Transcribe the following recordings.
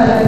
Okay.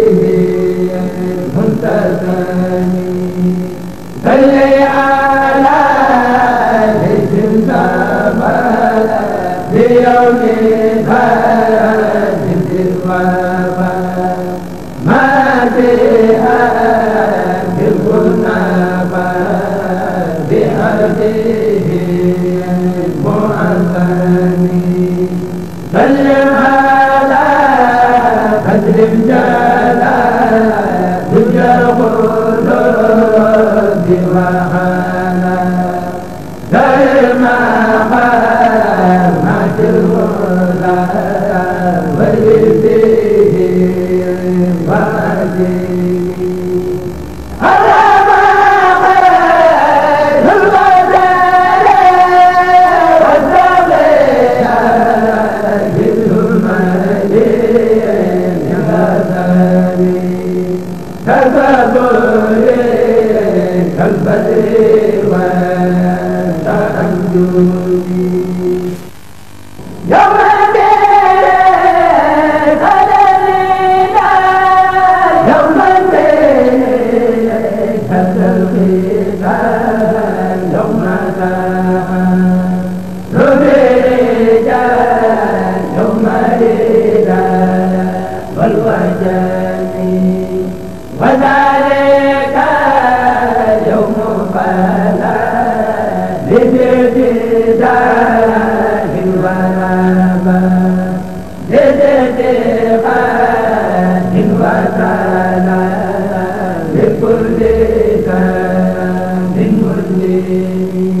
المعفن بلغ هذا فاجلب Yeah. Mm-hmm.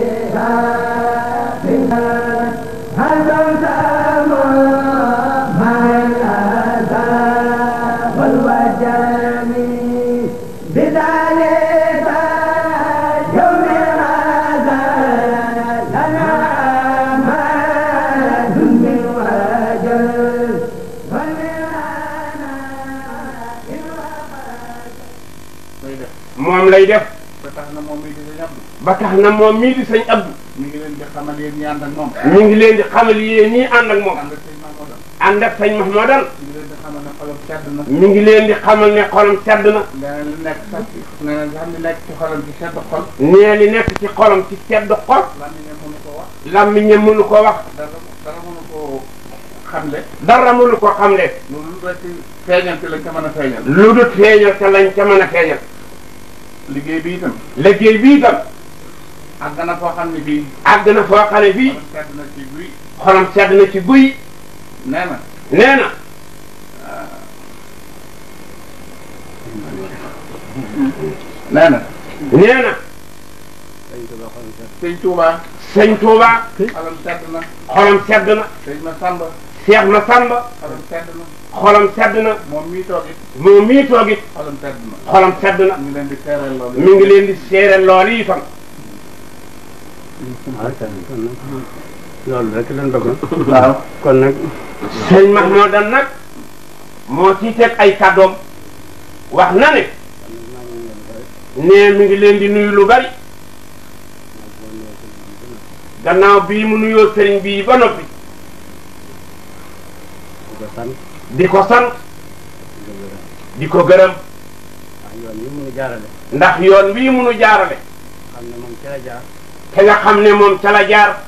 moom lay def. ba tax na moom mii di sëñ Abdou. ba tax na moom mii di sëñ Abdou. mi ngi leen di xamal yéen ñi ànd ak moom. mi ngi leen di xamal yéen ñi ànd ak moom. ànd ak sëñ Mahmadan. mi ngi leen di xamal ne xolam sedd na. nee li nekk ci xolam ci sedd xol. nee li nekk ci xolam ci sedd xol. làmmiñam mënu ko wax. dara mënu ko xamle. dara mënu ko xamle. lu dul feeñal te lañ ca mën a feeñal. lu dul feeñal te lañ ca mën a feeñal. liggéey bii itam. liggéey bii itam. àgg na foo xam ne bii. àgg na foo xam ne bii. xolam sedd na ci guy. xolam sedd na ci guy. nee na. nee na. nee na. nee na. sëñ Touba. sëñ Touba. xolam sedd na. xolam sedd na. sëñ Massamba. Cheikh Massamba. xolam sedd na. xolam sedd na. moom mii toog it. moom mii sedd na. xolam mi ngi leen di seereel lool mi ngi leen di seereel lool yi fan. loolu nag lañ bëgg. waaw kon nag. sëñ Mahmoudan moo ciy teg ay kàddoom wax na ne. nee mi ngi leen di nuyu lu bari. gannaaw bii mu nuyoo sëriñ bii ba noppi. di ko sant di ko gërëm ndax yoon wii munu jaarale te nga xam ne moom ca la jaar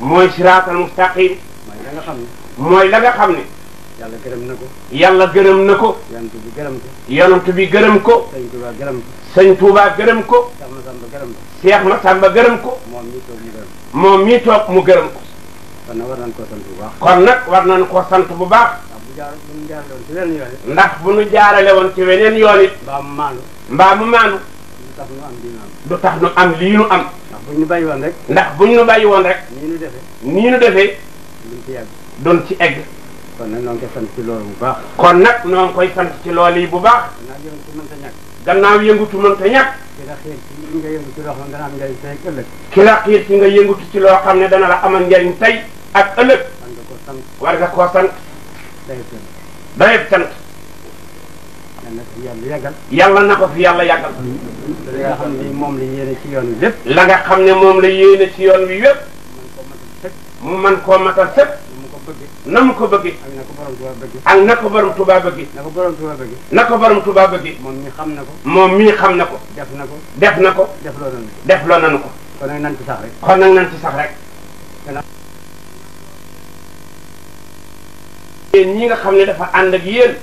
mooy siraatal mustaqim mooy la nga xam ne yàlla gërëm na ko yàlla gërëm na ko yonent bi gërëm ko bi gërëm ko sëñ Tuuba gërëm ko gërëm ko Seex Masamba gërëm ko Seex Masamba gërëm ko moom mii toog mu gërëm ko kon nag war nañ koo sant bu baax. nag war nañ koo sant bu baax. ndax bu nu jaarale woon ci weneen yoon it. mbaa mu maandu. mbaa mu maandu. du tax nu am lii am. du tax nu woon rek. ndax buñ nu bàyyi woon rek. nii nu defee. nii nu defee. duñ ci ci egg. kon nag ñoo sant ci loolu bu baax. kon nag ñoo ngi koy sant ci loolu yi bu baax. gannaaw yëngutu mënta ñàkk. ki la xiir ci nga yëngutu am njëriñ la xiir ci nga yëngutu ci loo xam ne dana la amal njariñ tey ak ëllëg. war nga koo sant. dayeb sant. yàlla na ko fi yàlla yàggal. la nga xam ne moom la yéene ci yoon wi lépp. la nga xam ne moom la yéene ci yoon wi yépp. mu mën koo matal sëpp. na mu ko bëggee. ak na ko borom Tuubaa bëggee. ak na ko borom Tuubaa bëggee. na ko borom Tuubaa bëggee. na ko borom Tuubaa bëggee. moom mii xam na ko. moom mii xam na ko. def na ko. def na ko. def loo nanu ko. def loo nanu ko. kon nag nan ci sax rek. kon nag nan ci sax rek. yéen ñi nga xam ne dafa ànd ak yéen lu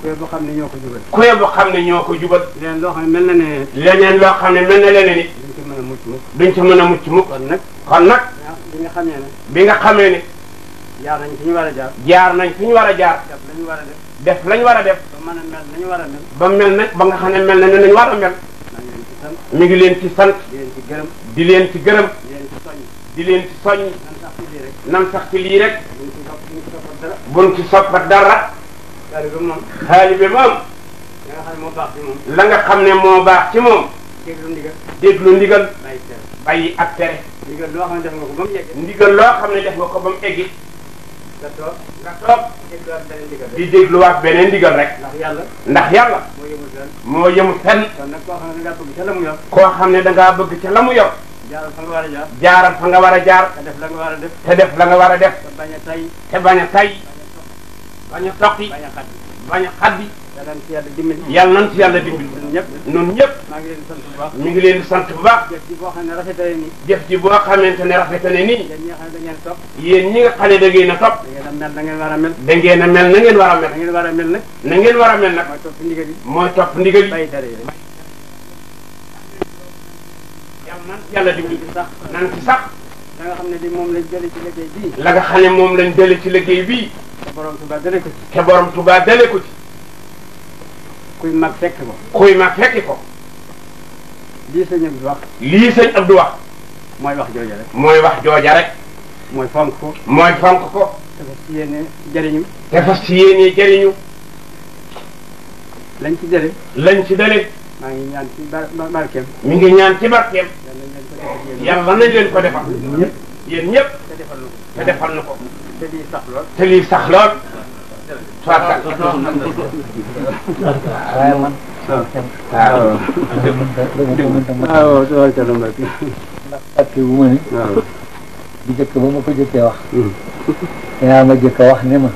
kuréel boo xam ne ñoo ko jubal. kuréel boo xam ne ñoo ko jubal. leneen loo xam ne mel na ne. leneen loo xam ne mel na leneen it. mucc mukk. duñ ci mën a mucc mukk. kon nag kon nag. bi nga xamee ne. bi nga xamee ne. jaar nañ fi ñu war a jaar. jaar nañ fi ñu war a jaar. def lañu war a def. def war a def. ba mën a mel nañu war a mel. ba mel nag ba nga xam ne mel na ne nañu war a mel. mi ngi leen ci sant. di leen ci gërëm. di leen ci gërëm. di soññ. di leen ci soññ. nan sax ci lii rek. nan sax ci lii dara. taalibe moom. taalibe moom. la nga xam ne moo baax ci moom. la nga xam ne moo baax ci moom. déglu ndigal. déglu ndigal. bàyyi tere bàyyi ak tere. ndigal loo xam ne def nga ko ba mu egg. ndigal loo xam ne def nga ko ba mu egg. nga toog nga toog. di dégluwaat beneen ndigal rek. ndax yàlla. ndax yàlla. moo yëmul fenn. moo yëmul fenn. kon koo xam ne dangaa bëgg ca la mu yor. koo xam ne dangaa bëgg ca la mu yor. jaaral fa nga war a jaar. jaaral fa nga war a jaar. te def la nga war a def. def la nga war a def. te bañ a tay. te bañ a tay. banyak a banyak bañ banyak xaddi yàlla nañ ci yàlla dimbali yàlla nañ ci yàlla dimbali ñun ñëpp maa ngi leen kan kan kan iya, di sant bu baax mi ngi leen di sant bu baax jëf ji boo xam ne rafetane nii jëf ji boo xamante ne rafetane nii yéen ñi nga xam ne da ngeen topp yéen ñi nga xam ne da ngeen wara topp da ngeen a mel na ngeen war mel da ngeen a mel na na ngeen war mel ndigal yi ndigal yi dimbali sax ci sax la nga di moom lañ jëlee ci liggéey bii la nga xam ne lañ ci te borom tubaa dale ko ci. te borom Touba dale ko ci. kuy mag fekk ko. kuy mag fekk ko. lii sëñ Abdou wax. lii sëñ Abdou wax. mooy wax jooja rek. mooy wax jooja rek. mooy fonk ko. mooy fonk ko. te fas ci yéene jëriñu. te fas ci yéene jëriñu. lañ ci jëlee. lañ ci jëlee. maa ngi ñaan ci bar barkeem. mi ngi ñaan ci barkeem. yàlla nañ leen ko defal yéen ñëpp. yéen ñëpp. te defal na ko. defal na ko. te lii sax lool te lii sax lool. waaw waaw di jëkk ba ma ko jëkkee wax dinaa ma jëkk a wax ne ma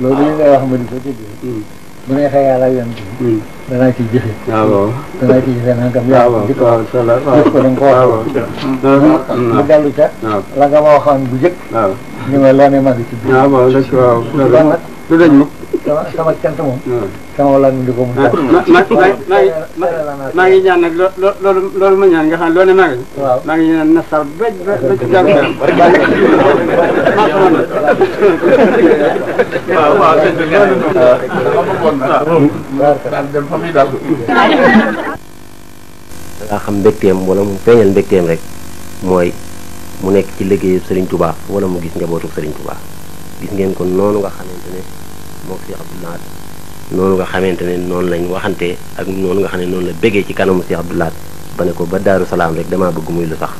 loolu li ngay wax ma di ko dégg bu neexee yàlla yoon bi danaa ci jëfe danaa ci jëfe nangam jëkk jëkk ko da nga ko wax mu dellu ca la nga ma waxoon bu jëkk ni ma laamee maa ngi tudd. ah waaw dëkk waaw. du dëj moom. sama sama cant moom. sama walaay mu ko ma ma ma maa ngi ñaan nag loo loolu loolu ma ñaan nga xam ne loolu maa ngi. waaw maa ngi ñaan na sax ba ba ba ci jàll. waaw waaw sëñ bi ngeen doon. waaw xam dem fa muy dal. da ngaa xam mbégteem wala mu feeñal mbégteem rek mooy. mu nekk ci liggéeyu Serigne Touba wala mu gis njabootu Serigne Touba gis ngeen ko noonu nga xamante ne moo Cheikh Abdoul Ahad noonu nga xamante ne noonu lañ waxante ak noonu nga xam ne noonu la bëggee ci kanamu Cheikh Abdoul Ahad ba ne ko ba Daaru Salaam rek damaa bëgg muy lu sax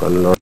kon loolu.